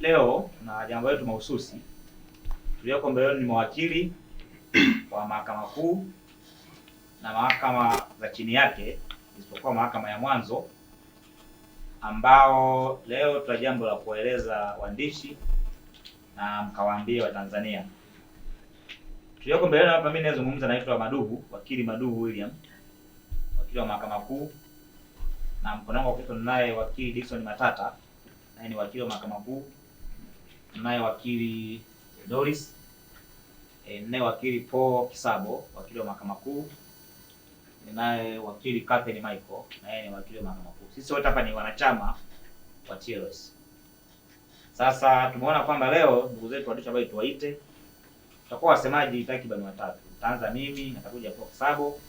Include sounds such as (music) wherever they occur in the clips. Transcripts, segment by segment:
Leo na jambo letu mahususi tulioko mbeleni ni mawakili (clears throat) wa mahakama kuu na mahakama za chini yake isipokuwa mahakama ya mwanzo, ambao leo tuna jambo la kueleza waandishi na mkawaambie Watanzania. Tulioko mbeleni hapa, mimi nazungumza, naitwa Maduhu, wakili Maduhu William, wakili wa mahakama kuu, na mkonangu wa naye wakili Dickson Matata naye ni wakili wa mahakama kuu, naye wakili Doris e, naye wakili Paul Kisabo, wakili wa mahakama kuu, naye wakili Catherine Michael, naye ni wakili wa mahakama kuu. Sisi wote hapa ni wanachama wa TLS. Sasa tumeona kwamba leo ndugu zetu waandishi habari tuwaite, tutakuwa wasemaji takriban watatu. Tutaanza mimi, natakuja Paul Kisabo.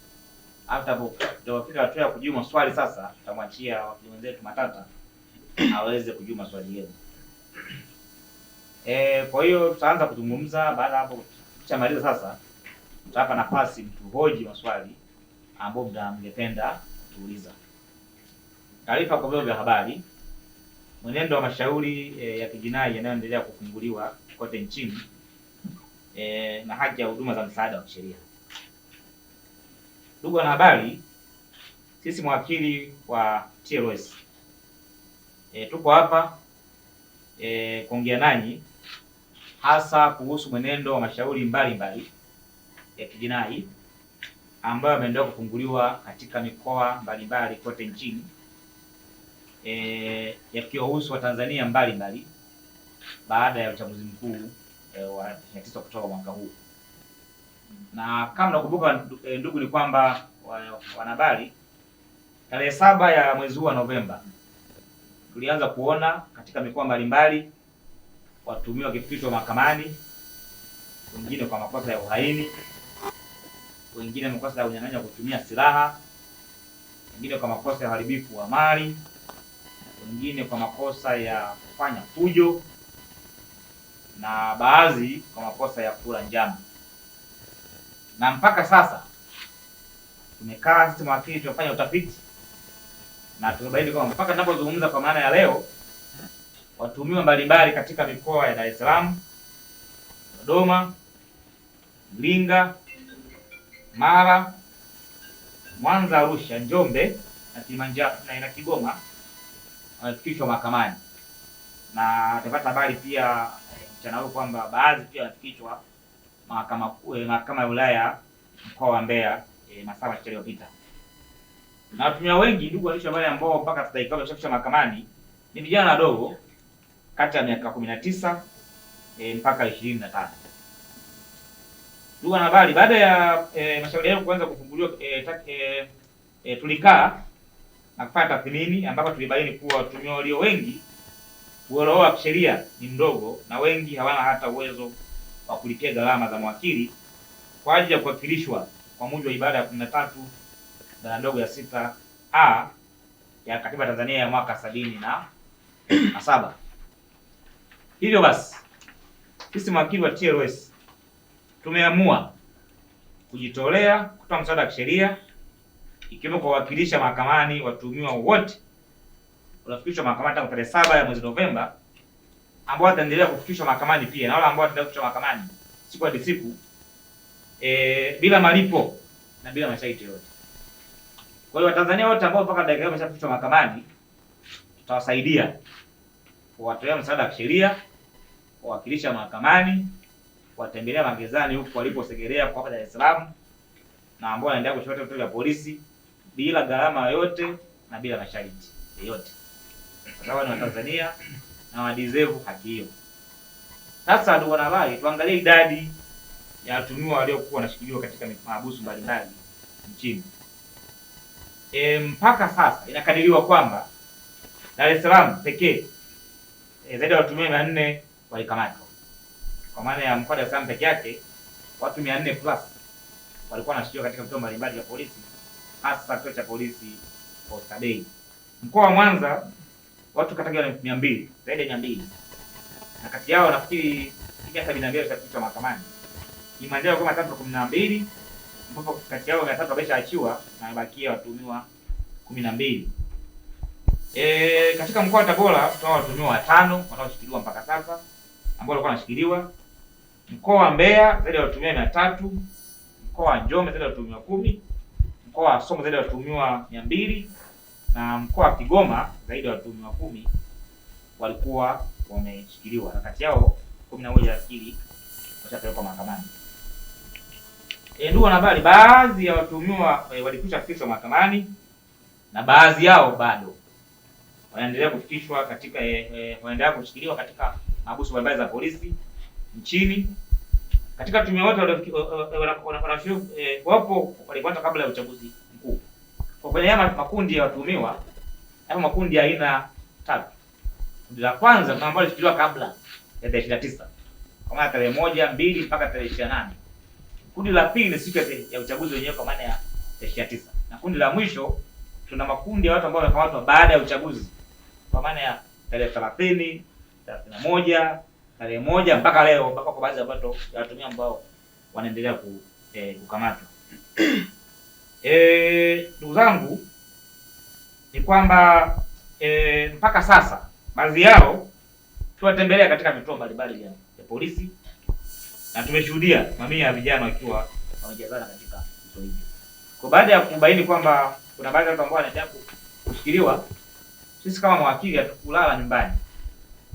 hata hapo tutafika hatua ya kujibu maswali. Sasa tutamwachia wakili wenzetu matata (coughs) aweze kujua maswali yenu. Eh, kwa hiyo tutaanza kuzungumza. Baada hapo tukishamaliza sasa, tutawapa nafasi mtuhoji maswali ambao mngependa kutuuliza. Taarifa kwa vyombo vya habari. Mwenendo wa mashauri e, ya kijinai yanayoendelea kufunguliwa kote nchini e, na haki ya huduma za msaada wa kisheria. Ndugu wanahabari, sisi mwakili wa TLS E, tuko hapa e, kuongea nanyi hasa kuhusu mwenendo wa mashauri mbalimbali ya kijinai ambayo yameendelea kufunguliwa katika mikoa mbalimbali kote nchini e, yakiwahusu Watanzania mbalimbali baada ya uchaguzi mkuu e, wa tisa Oktoba mwaka huu. Na kama nakumbuka ndugu, ni kwamba wanahabari, tarehe saba ya mwezi huu wa Novemba tulianza kuona katika mikoa mbalimbali watumiwa wakifikishwa mahakamani, wengine kwa makosa ya uhaini, wengine makosa ya unyang'anyi wa kutumia silaha, wengine kwa makosa ya uharibifu wa mali, wengine kwa makosa ya kufanya fujo na baadhi kwa makosa ya kula njama. Na mpaka sasa tumekaa sisi mawakili, tumefanya utafiti na tumebaini kwamba mpaka ninapozungumza kwa maana ya leo, watuhumiwa mbalimbali katika mikoa ya Dar es Salaam, Dodoma, Iringa, Mara, Mwanza, Arusha, Njombe na Kilimanjaro na Kigoma wanafikishwa mahakamani na tupata habari pia mchana huu kwamba baadhi pia wanafikishwa eh, mahakama ya wilaya mkoa wa Mbeya eh, masaa machache yaliyopita na watumia wengi ndugu waandishi habari ambao mpaka sasa wameshafikishwa mahakamani ni vijana wadogo kati ya miaka kumi na tisa e, mpaka ishirini na tano. Ndugu wanahabari, baada ya e, yao kuanza kufunguliwa e, e, e, tulikaa na kufanya tathmini ambapo tulibaini kuwa watumia walio wengi uelewa wao wa kisheria ni mdogo na wengi hawana hata uwezo wa kulipia gharama za mawakili kwa ajili ya kuwakilishwa kwa mujibu wa ibara ya kumi na tatu dhana ndogo ya sita a ya katiba Tanzania ya mwaka sabini na saba. Hivyo basi sisi mawakili wa TLS tumeamua kujitolea kutoa msaada wa kisheria ikiwemo kuwawakilisha mahakamani watuhumiwa wote waliofikishwa mahakamani tangu tarehe saba ya mwezi Novemba ambao wataendelea kufikishwa mahakamani pia na wale ambao wataendelea kufikishwa mahakamani siku hadi siku e, bila malipo na bila masharti yoyote. Kwa hiyo Watanzania wote ambao mpaka dakika hiyo wameshafikishwa mahakamani, tutawasaidia kuwatolea msaada wa kisheria, kuwakilisha mahakamani, kuwatembelea magerezani huku waliposegerea kwa hapa Dar es Salaam, na ambao wanaendelea kushota vituo vya polisi bila gharama yoyote na bila masharti yoyote, kwa sababu ni Watanzania na wadeserve haki hiyo. Sasa ndio wanarai, tuangalie idadi ya watumiwa waliokuwa wanashikiliwa katika mahabusu mbalimbali nchini e, mpaka sasa inakadiriwa kwamba Dar es Salaam pekee e, zaidi ya watu mia nne walikamatwa. Kwa maana ya mkoa wa Dar es Salaam peke yake watu mia nne plus walikuwa wanashikiwa katika vituo mbalimbali vya polisi, hasa kituo cha polisi Oyster Bay. Mkoa wa Mwanza watu katika mia mbili zaidi ya mia mbili na kati yao nafikiri sabini na mbili walishafikishwa mahakamani, Kilimanjaro kama tatu kumi na mbili ambapo kati yao watatu wameshaachiwa na wamebakia watumiwa kumi na mbili. E, katika mkoa wa Tabora tunao watumiwa watano wanaoshikiliwa mpaka sasa ambao walikuwa wanashikiliwa. Mkoa wa Mbeya zaidi ya watumiwa mia tatu, mkoa wa Njombe zaidi ya watumiwa kumi, mkoa wa Songwe zaidi ya watumiwa mia mbili na mkoa wa Kigoma zaidi ya watumiwa kumi walikuwa wameshikiliwa na kati yao kumi na moja nafikiri washapelekwa mahakamani. E, ndugu wanahabari, baadhi ya watuhumiwa e, walikwisha fikishwa mahakamani na baadhi yao bado wanaendelea kufikishwa katika e, e, wanaendelea kushikiliwa katika mahabusu mbalimbali za polisi nchini. Katika watuhumiwa wote e, e, e, wanafikiwa wapo walipata kabla ya uchaguzi mkuu. Kwa kwenye haya makundi ya watuhumiwa hapo makundi ya aina tatu. Kundi la kwanza kuna ambao walishikiliwa kabla ya tarehe 29 kwa maana tarehe moja, mbili mpaka tarehe 28. Kundi la pili ni siku ya uchaguzi wenyewe kwa maana ya tarehe tisa, na kundi la mwisho tuna makundi ya watu ambao wamekamatwa baada ya uchaguzi kwa maana ya tarehe na moja tarehe moja mpaka leo, mpaka kwa baadhi ya watu watumia ambao wanaendelea ku, eh, kukamatwa. Eh, (clears throat) ndugu zangu ni kwamba e, mpaka sasa baadhi yao tuwatembelea katika vituo mbalimbali ya, ya polisi na tumeshuhudia mamia ya vijana wakiwa wamejazana katika mto hivyo. Kwa baada ya kubaini kwamba kuna baadhi ya watu ambao wanaendelea kushikiliwa, sisi kama mawakili hatukulala nyumbani,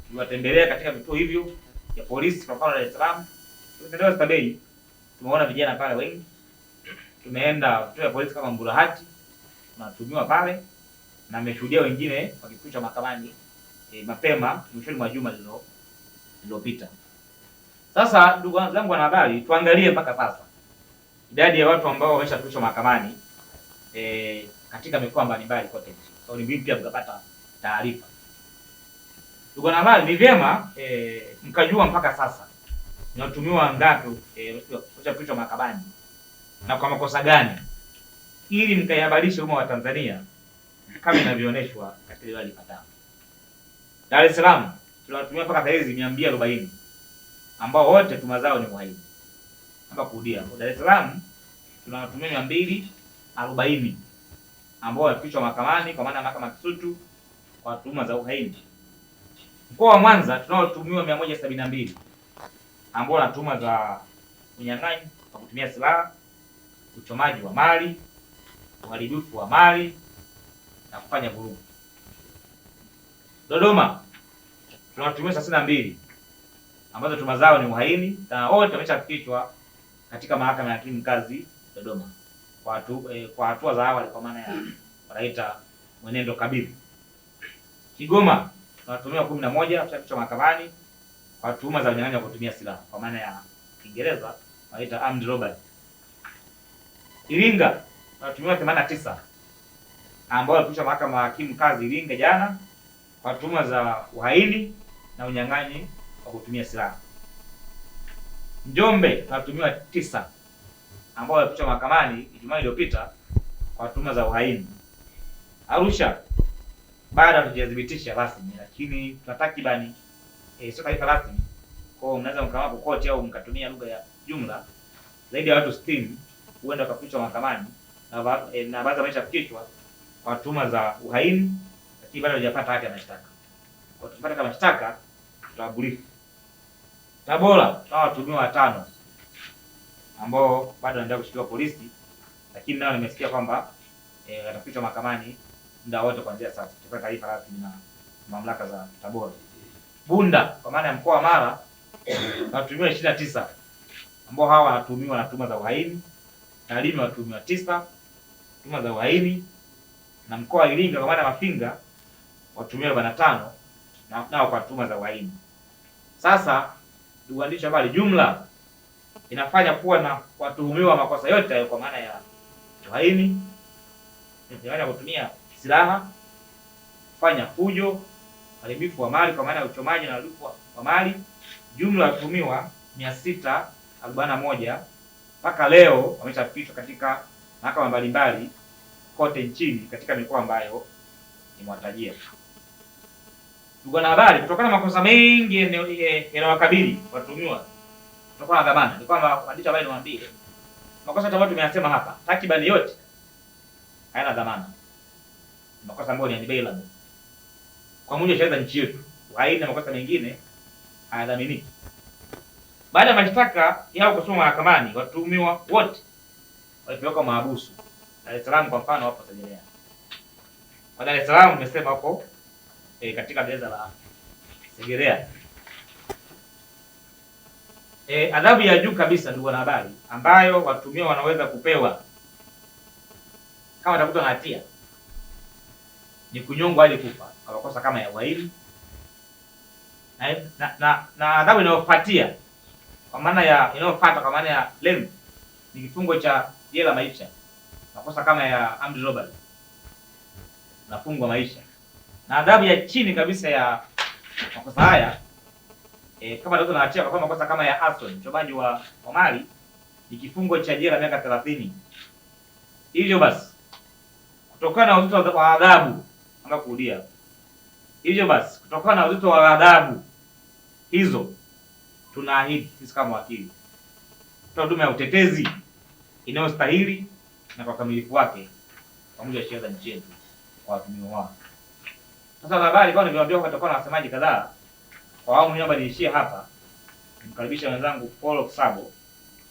tuliwatembelea katika vituo hivyo vya polisi, kwa mfano Dar es Salaam, tumetembelea Stabei, tumeona vijana pale wengi. Tumeenda vituo vya polisi kama Mburahati, tunatumiwa pale na nimeshuhudia wengine wakifikishwa mahakamani e, mapema mwishoni mwa juma lililopita. Sasa ndugu zangu wanahabari, tuangalie mpaka sasa idadi ya watu ambao wameshafikishwa mahakamani e, katika mikoa mbalimbali kote nchini. So ni pia mkapata taarifa ndugu wanahabari, ni vyema e, mkajua mpaka sasa ni watuhumiwa wangapi e, wameshafikishwa mahakamani na kwa makosa gani, ili mkaihabarishe umma wa Tanzania kama inavyoonyeshwa katika ile lifatao. Dar es Salaam tunawatumia mpaka saa hizi mia mbili arobaini ambao wote tuma zao ni muhimu. Naomba kurudia, Dar es Salaam tuna watumia mia mbili arobaini ambao wamefikishwa mahakamani kwa maana ya mahakama Kisutu kwa tuhuma za uhaini. Mkoa wa Mwanza tunaotumiwa mia moja sabini na mbili ambao na tuhuma za unyang'anyi kwa kutumia silaha, uchomaji wa mali, uharibifu wa mali na kufanya vurugu. Dodoma tunawatumia thelathini na mbili ambazo tuhuma zao ni uhaini na wote wameshafikishwa katika mahakama ya hakimu mkazi Dodoma kwa hatua eh, kwa hatua za awali kwa maana ya wanaita mwenendo kabili. Kigoma tunatumia kumi na moja tushafikishwa mahakamani kwa tuhuma za unyang'anyi wa kutumia silaha kwa maana ya Kiingereza wanaita armed robbery. Iringa tunatumia themanini na tisa ambao walifikishwa mahakama ya hakimu mkazi Iringa jana kwa tuhuma za uhaini na unyang'anyi kwa kutumia silaha. Njombe tunatumiwa tisa ambao wamefikishwa mahakamani Ijumaa iliyopita kwa tuhuma za uhaini. Arusha bado hatujathibitisha rasmi, lakini tuna takribani eh, sio taarifa rasmi. Kwa hiyo mnaweza mkamata kokote au mkatumia lugha ya jumla, zaidi ya watu 60 huenda wakafikishwa mahakamani na e, na baadhi wameshafikishwa kwa tuhuma za uhaini, lakini bado hajapata hati ya mashtaka. Kwa tukipata kama mashtaka tutawabrief Tabora hawa watuhumiwa watano ambao bado wanaendelea kushikiliwa polisi, lakini nao nimesikia kwamba e, mahakamani muda wote kuanzia sasa. kutoka taarifa rasmi na mamlaka za Tabora. Bunda kwa maana ya mkoa wa Mara (coughs) watuhumiwa ishirini na tisa ambao hawa wanatuhumiwa na tuhuma za uhaini, na Lindi watuhumiwa tisa tuhuma za uhaini, na mkoa wa Iringa kwa maana ya Mafinga watuhumiwa arobaini na tano nao kwa tuhuma za uhaini sasa ndugu waandishi habari, jumla inafanya kuwa na watuhumiwa makosa yote hayo, kwa maana ya uhaini, ya kutumia silaha, kufanya fujo, uharibifu wa mali kwa maana ya uchomaji na uharibifu wa mali. Jumla watuhumiwa mia sita arobaini na moja mpaka leo wameshafikishwa katika mahakama mbalimbali kote nchini katika mikoa ambayo nimewatajia. Ndugu habari, kutokana na makosa mengi yanayowakabili watumiwa kutokana na dhamana, ni kwamba waandishi habari niwaambie, makosa ambayo tumeyasema hapa takriban yote hayana dhamana, makosa ambayo ni bailable kwa mujibu wa sheria za nchi yetu, haina makosa mengine hayadhaminiki. Baada ya mashtaka yao kusoma mahakamani, watumiwa wote walipelekwa mahabusu. Dar es Salaam kwa mfano, wapo Segerea. Kwa Dar es Salaam umesema hapo e, katika gereza la Segerea. E, adhabu ya juu kabisa, ndugu wanahabari, ambayo watumio wanaweza kupewa kama watakutwa na hatia ni kunyongwa hadi kufa kwa makosa kama ya uhaini na, na, na, na adhabu inayofuatia kwa maana ya inayofuata kwa maana ya lem ni kifungo cha jela maisha. Makosa kama ya armed robbery nafungwa maisha na adhabu ya chini kabisa ya makosa haya e, kama ndio tunaachia kwa makosa kama ya arson, uchomaji wa mali, ni kifungo cha jela miaka thelathini. Hivyo basi kutokana na uzito wa adhabu, ama kurudia, hivyo basi kutokana na uzito wa adhabu hizo, tunaahidi sisi kama wakili kutoa huduma ya utetezi inayostahili na kwa kamilifu wake kwa mujibu wa sheria za nchi yetu kwa watumiwa wao. Sasa habari kwa niliwaambia kutakuwa na wasemaji kadhaa. Kwa awamu mimi naomba niishie hapa. Nimkaribisha wenzangu Paul Sabo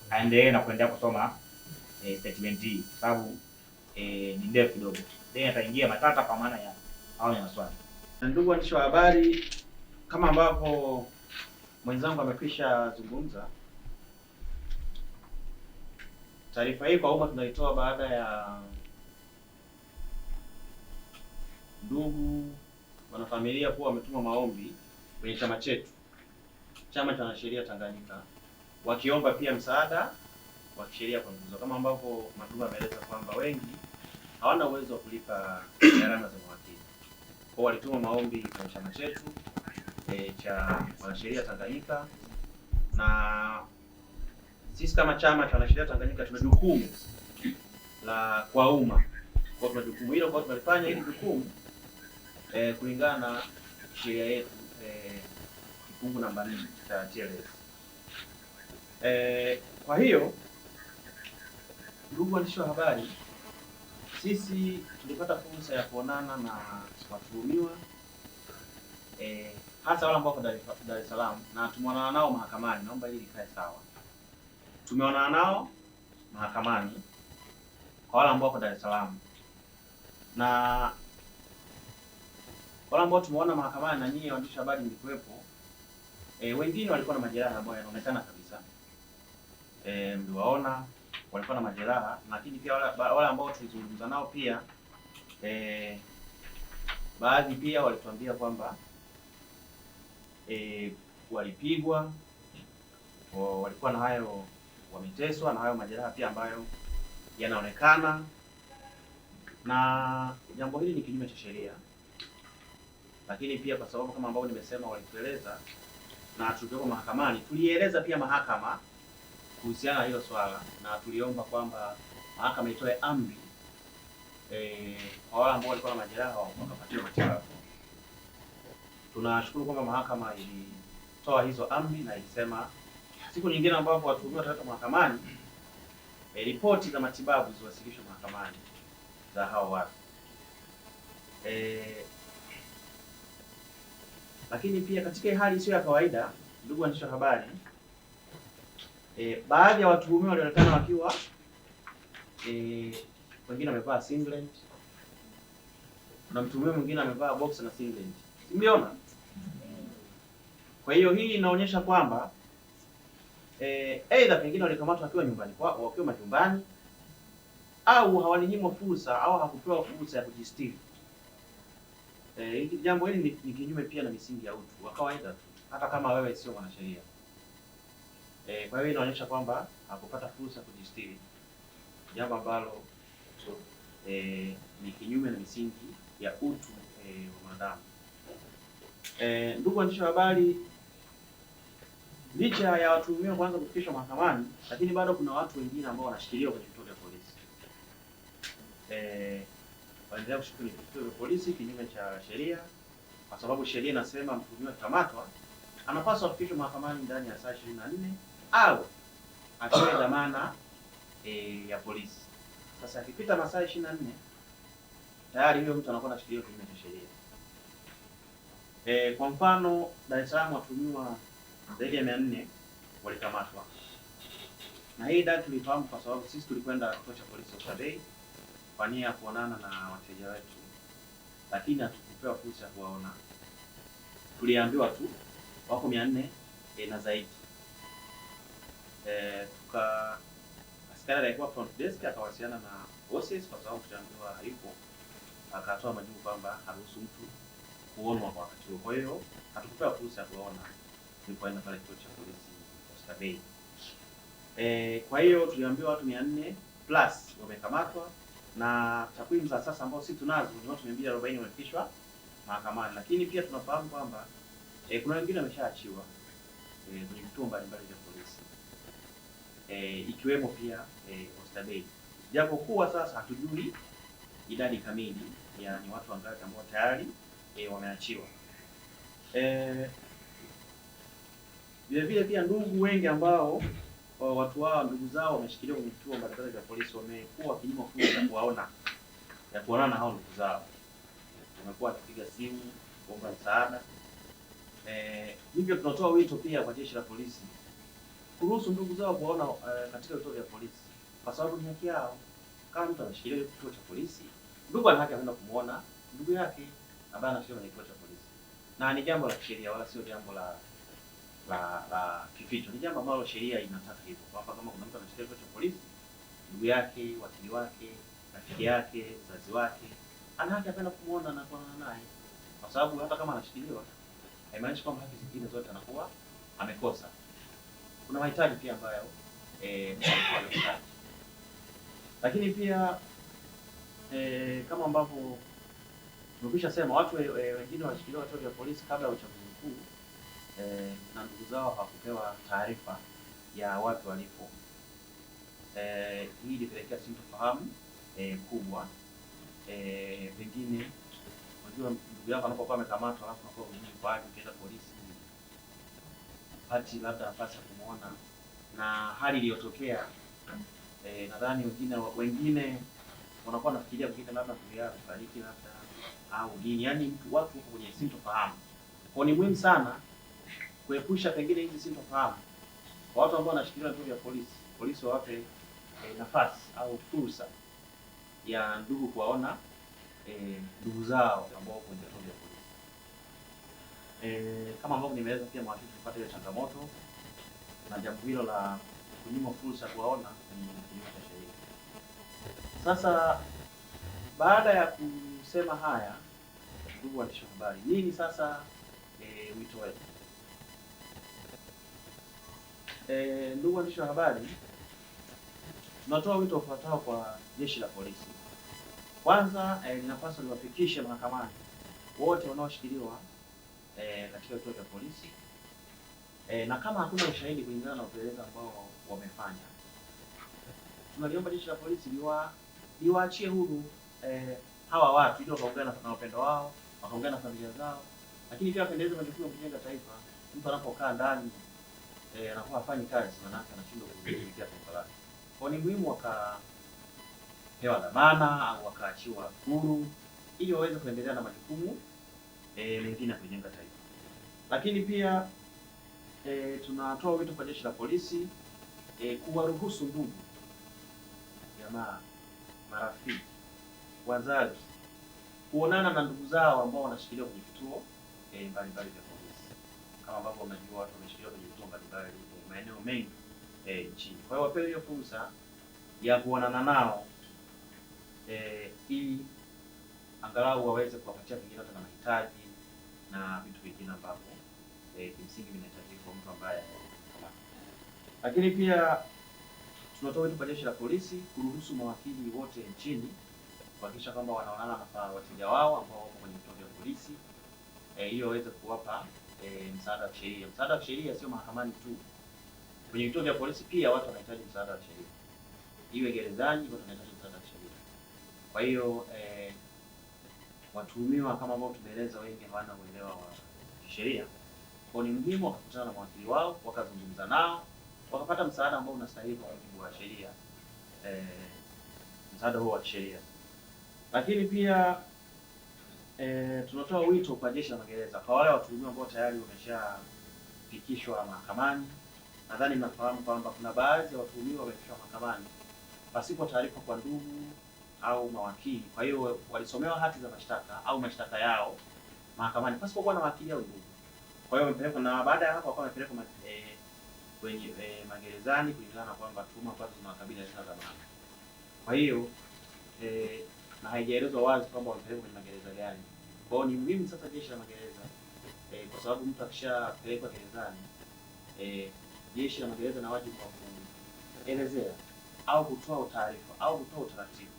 aendelee na kuendelea kusoma e, statement hii kwa sababu eh, ni ndefu kidogo. Then ataingia matata kwa maana ya hao ni maswali. Ndugu waandishi wa habari, kama ambavyo mwenzangu amekwisha zungumza, taarifa hii kwa umma tunaitoa baada ya ndugu wanafamilia kuwa wametuma maombi kwenye chama chetu, chama cha wanasheria Tanganyika, wakiomba pia msaada wa kisheria kwa ndugu kama ambavyo Matumba ameeleza kwamba wengi hawana uwezo wa kulipa gharama za mawakili, kwa walituma maombi kwenye chama chetu e, cha wanasheria Tanganyika, na sisi kama chama cha wanasheria Tanganyika tuna jukumu la kwa umma, kwa tuna jukumu hilo kwa tunalifanya hili jukumu eh, kulingana na sheria yetu eh, kifungu namba nne cha TLS. Eh, kwa hiyo ndugu waandishi wa habari, sisi tulipata fursa ya kuonana na watuhumiwa eh, hasa wale ambao wako Dar es Salaam na tumeonana nao mahakamani. Naomba hili likae sawa. Tumeonana nao mahakamani kwa wale ambao wako Dar es Salaam na wale ambao tumeona mahakamani na nyinyi waandishi habari mlikuwepo, e, wengine walikuwa na majeraha ambayo yanaonekana kabisa e, mliwaona walikuwa na majeraha, lakini pia wale ambao tulizungumza nao pia e, baadhi pia walituambia kwamba e, walipigwa, walikuwa na hayo, wameteswa na hayo majeraha pia ambayo yanaonekana, na jambo hili ni kinyume cha sheria lakini pia kwa sababu kama ambavyo nimesema walitueleza na tulipo mahakamani tulieleza pia mahakama kuhusiana na hilo swala, na tuliomba kwamba mahakama itoe amri e, kwa wale ambao walikuwa na majeraha wakapatiwa matibabu. Tunashukuru kwamba mahakama ilitoa hizo amri na ilisema siku nyingine ambapo watuhumiwa watatoka mahakamani e, ripoti za matibabu ziwasilishwe mahakamani za hao watu e, lakini pia katika hali sio ya kawaida, ndugu waandishi wa habari, e, baadhi ya watuhumiwa walionekana wakiwa e, wengine wamevaa singlet na mtuhumiwa mwingine amevaa box na singlet, si Kwa hiyo hii inaonyesha kwamba eh, aidha pengine walikamatwa wakiwa nyumbani kwao, wakiwa majumbani, au hawalinyimwa fursa au hakupewa fursa ya kujistiri. Eh, jambo hili ni kinyume pia na misingi ya utu wa kawaida tu, hata kama wewe sio mwanasheria Eh, Kwa hiyo inaonyesha kwamba hakupata fursa kujistiri, jambo ambalo eh, ni kinyume na misingi ya utu eh, wa mwanadamu Eh, Ndugu waandishi wa habari, licha ya watuhumiwa kuanza kufikishwa mahakamani, lakini bado kuna watu wengine ambao wanashikiliwa kwenye vituo vya polisi eh, waendelea kushughulikiwa vituo vya polisi kinyume cha sheria, kwa sababu sheria inasema mtuhumiwa akikamatwa anapaswa kufikishwa mahakamani ndani ya saa ishirini na nne au atoe (coughs) dhamana e, ya polisi. Sasa akipita masaa ishirini na nne tayari huyo mtu anakuwa anashikiliwa kinyume cha sheria. E, kwa mfano Dar es Salaam watuhumiwa zaidi ya mia nne walikamatwa, na hii idadi tulifahamu kwa sababu sisi tulikwenda kituo cha polisi Oysterbay kwa nia ya kuonana na wateja wetu, lakini hatukupewa fursa ya kuwaona. Tuliambiwa tu wako mia nne eh, na zaidi e, tuka askari alikuwa front desk akawasiliana na bosses, kwa sababu tutaambiwa hayupo, akatoa majibu kwamba haruhusu mtu kuonwa kwa wakati huo. Kwa hiyo hatukupewa fursa ya kuwaona tulipoenda pale kituo cha polisi Oysterbay. Eh, kwa hiyo tuliambiwa watu mia nne plus wamekamatwa na takwimu za sasa ambao sisi tunazo ni watu 240 wamefikishwa mahakamani, lakini pia tunafahamu kwamba e, kuna wengine wameshaachiwa e, kwenye vituo mbalimbali vya polisi e, ikiwemo pia e, Oysterbay, japo kuwa sasa hatujui idadi kamili ya ni watu wangapi ambao tayari e, wameachiwa e, vile vile pia ndugu wengi ambao kwa watu wao ndugu zao wameshikiliwa kwenye vituo mbalimbali vya polisi, wamekuwa wakinyimwa fursa ya kuwaona ya kuonana na hao ndugu zao, wamekuwa wakipiga simu kuomba msaada. Eh, hivyo tunatoa wito pia kwa jeshi la polisi kuruhusu ndugu zao kuwaona eh, katika vituo vya polisi, kwa sababu ni haki yao. Kama mtu anashikiliwa kwenye kituo cha polisi, ndugu ana haki anaenda kumuona ndugu yake ambaye anashikiliwa kwenye kituo cha polisi, na ni jambo la kisheria wala sio jambo la la la kificho. Ni jambo ambalo sheria inataka hivyo kwamba kama kuna mtu ameshtakiwa kichwa cha polisi, ndugu yake, wakili wake, rafiki yake, mzazi wake, ana haki apenda kumuona na kuonana naye, kwa sababu hata kama anashikiliwa haimaanishi kwamba haki zingine zote anakuwa amekosa. Kuna mahitaji pia ambayo eh, lakini pia eh, kama ambavyo tumekwisha sema watu wengine eh, washikiliwa vituo vya polisi kabla ya uchaguzi mkuu eh, na ndugu zao hawakupewa taarifa ya watu walipo. Eh, hii ilipelekea sintofahamu eh, kubwa eh, pengine unajua ndugu yako anapokuwa amekamatwa alafu unakuwa hujui kwake, ukienda polisi pati labda nafasi ya kumwona na hali iliyotokea eh, nadhani wengine wengine wanakuwa nafikiria kuita labda ndugu yao labda au nini, yaani watu wako kwenye sintofahamu, kwa ni muhimu sana kuepusha pengine hizi sintofahamu kwa watu ambao wanashikilia vituo vya polisi, polisi wawape e, nafasi au fursa ya ndugu kuwaona eh, ndugu e, zao ambao kwenye vituo vya polisi e, kama ambavyo nimeweza pia mawakili kupata ile changamoto na jambo hilo la kunyima fursa kuwaona ni kinyume cha sheria. Sasa baada ya kusema haya, ndugu waandishi wa habari, nini sasa e, wito wetu ndugu waandishi wa habari, tunatoa wito ufuatao kwa jeshi la polisi. Kwanza linapaswa e, liwafikishe mahakamani wote wanaoshikiliwa e, katika vituo vya polisi e, na kama hakuna ushahidi kulingana na upelelezi ambao wamefanya, tunaliomba jeshi la polisi liwaachie huru e, hawa watu ili wakaungana na wapendo wao wakaungana na familia zao, lakini pia wapendeleze majukumu ya kujenga taifa. Mtu anapokaa ndani eh, anakuwa hafanyi kazi, maanake anashindwa kulitumikia taifa lake. Kwa ni muhimu wakapewa dhamana au wakaachiwa huru ili waweze kuendelea na majukumu eh, mengine ya kujenga taifa. Lakini pia eh, tunatoa wito kwa jeshi la polisi eh, kuwaruhusu ndugu, jamaa, marafiki, wazazi kuonana na ndugu zao ambao wanashikiliwa kwenye vituo eh, mbalimbali vya polisi kama ambavyo unajua watu wameshikiliwa ambayo maeneo mengi eh, nchini. Kwa hiyo wapewe hiyo fursa ya kuonana nao eh, ili angalau waweze kuwapatia vingine hata na mahitaji na vitu vingine ambavyo eh, kimsingi vinahitaji kwa mtu ambaye lakini pia tunatoa wito kwa jeshi la polisi kuruhusu mawakili wote nchini kuhakikisha kwamba wanaonana na wateja wao ambao wako kwenye vituo vya polisi, hiyo eh, e, waweze kuwapa e, msaada wa kisheria. Msaada wa kisheria sio mahakamani tu, kwenye vituo vya polisi pia watu wanahitaji msaada wa kisheria, iwe gerezani, watu wanahitaji msaada wa kisheria. Kwa hiyo e, watuhumiwa kama ambao tumeeleza, wengi hawana uelewa wa kisheria, kwa ni muhimu wakakutana na mawakili wao, wakazungumza nao, wakapata msaada ambao unastahili kwa mujibu wa sheria e, msaada huo wa kisheria, lakini pia E, tunatoa wito kwa jeshi la magereza kwa wale watuhumiwa ambao tayari wameshafikishwa mahakamani. Nadhani mnafahamu kwamba kuna baadhi ya watuhumiwa wamefikishwa mahakamani pasipo taarifa kwa ndugu au mawakili, kwa hiyo walisomewa hati za mashtaka au mashtaka yao mahakamani pasipokuwa na wakili au ndugu. Kwa hiyo wamepelekwa, na baada ya hapo wakawa wamepelekwa ma, e, kwenye e, magerezani kulingana na kwamba tuhuma ambazo zinawakabili hazina dhamana. Kwa hiyo e, na haijaelezwa wazi kwamba wamepelekwa kwenye magereza gani. Kwa hiyo ni muhimu sasa jeshi la magereza e, kwa sababu mtu akishapelekwa gerezani e, jeshi la magereza na wajibu wa kuelezea au kutoa taarifa au kutoa utaratibu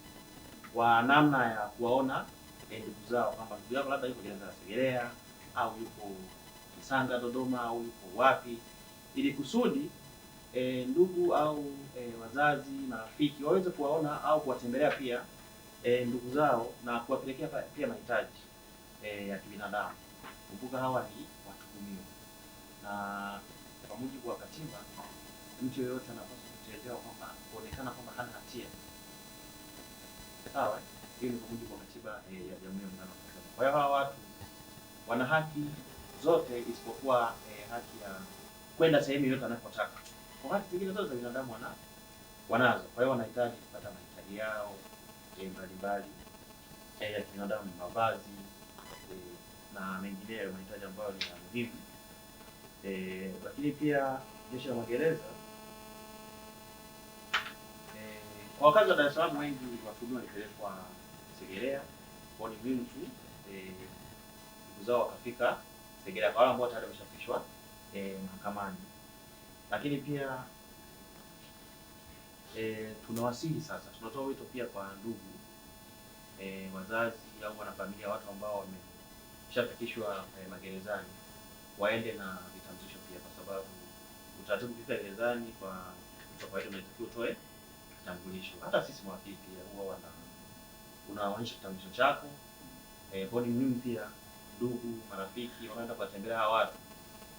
wa namna ya kuwaona eh, ndugu zao kwamba ndugu yako labda yuko gereza la Segerea au yuko Kisanga Dodoma au yuko wapi, ili kusudi e, ndugu au e, wazazi marafiki waweze kuwaona au kuwatembelea pia e, ndugu zao na kuwapelekea pia mahitaji e, ya kibinadamu. Kumbuka hawa ni watuhumiwa, na kwa mujibu wa katiba mtu yeyote anapaswa kutendewa kwamba kuonekana kwamba hana hatia, sawa? Hiyo ni kwa mujibu wa katiba e, ya Jamhuri ya Muungano wa Tanzania. Kwa hiyo hawa watu wana haki zote isipokuwa e, haki ya kwenda sehemu yoyote anapotaka. Kwa haki zingine zote za binadamu wana wanazo, kwa hiyo wanahitaji kupata mbalimbali ya kibinadamu, mavazi e, na mengineyo mahitaji ambayo ni ya muhimu e, lakini pia jeshi la magereza e, kwa wakazi wa Dar es Salaam wengi watuhumiwa walipelekwa Segerea kwa ni muhimu tu ndugu zao wakafika Segerea kwa wale ambao tayari wameshafikishwa e, mahakamani, lakini pia e, tunawasihi sasa, tunatoa wito pia kwa ndugu e, wazazi au wanafamilia, watu ambao wameshafikishwa e, magerezani waende na vitambulisho pia, kwa sababu utaratibu ukifika gerezani kwa kawaida unatakiwa utoe kitambulisho. Hata sisi mawakili pia huwa wana unaonyesha kitambulisho chako e, bodi mimi pia ndugu marafiki wanaenda kuwatembelea hawa watu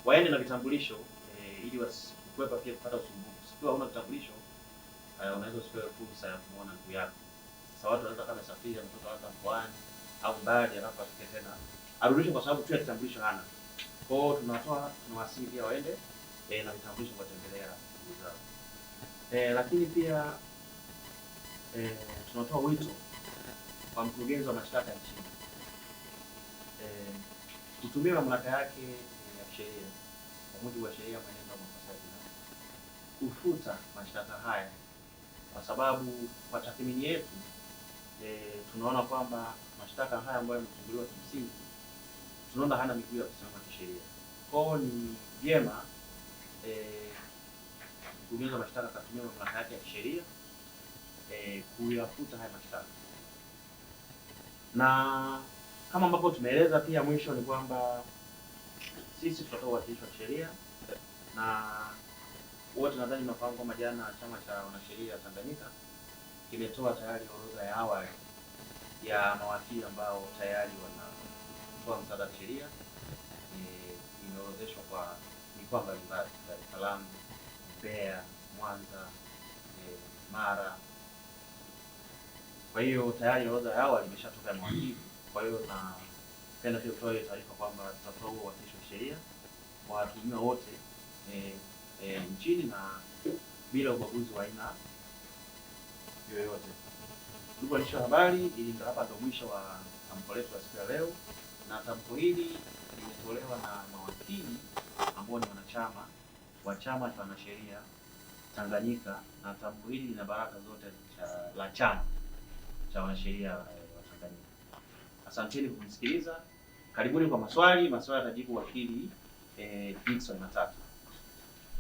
waende na vitambulisho e, ili wasikwepa pia kupata usumbufu. Sikiwa kitambulisho vitambulisho, e, unaweza usipewe fursa ya kumwona ndugu yako watu wanaweza kama safiri mtoto hata mkoani au mbali, alafu afike tena arudishwe kwa sababu tu ya kitambulisho hana. Kwa hiyo tunatoa tunawasii pia waende eh, na vitambulisho kuwatembelea ndugu zao eh, lakini pia eh, tunatoa wito kwa mkurugenzi wa mashtaka nchini eh, kutumia mamlaka yake eh, ya kisheria kwa mujibu wa sheria mwenendo wa makosa jinai kufuta mashtaka haya eh. kwa sababu kwa tathmini yetu e, tunaona kwamba mashtaka haya ambayo yamefunguliwa kimsingi tunaona hana miguu ya kusimama kisheria. Kwao ni vyema mkurugenzi eh, wa mashtaka akatumia mamlaka yake ya kisheria e, kuyafuta haya mashtaka, na kama ambavyo tumeeleza pia mwisho ni kwamba sisi tutatoa uwakilishi wa kisheria na wote nadhani mnafahamu kwamba jana chama cha wanasheria Tanganyika imetoa tayari orodha ya awali ya mawakili ambao tayari wanatoa msaada wa sheria e, imeorodheshwa kwa mikoa mbalimbali: Dar es Salaam, Mbeya, Mwanza, e, Mara. Kwa hiyo tayari orodha ya awali imeshatoka ya mawakili. Kwa hiyo napenda pia utoe taarifa kwamba tutatoa huo uwakilishi wa sheria kwa watuhumiwa wote e, e, nchini na bila ubaguzi wa aina yoyote. Ndugu waandishi wa habari, hapa ndo mwisho wa tamko letu la siku ya leo, na tamko hili limetolewa na mawakili ambao ni wanachama wa chama cha wanasheria Tanganyika, na tamko hili lina baraka zote cha, la chama cha wanasheria eh, wa Tanganyika. Asanteni kumsikiliza, karibuni kwa maswali. Maswali atajibu wakili eh, Dickson Matatu.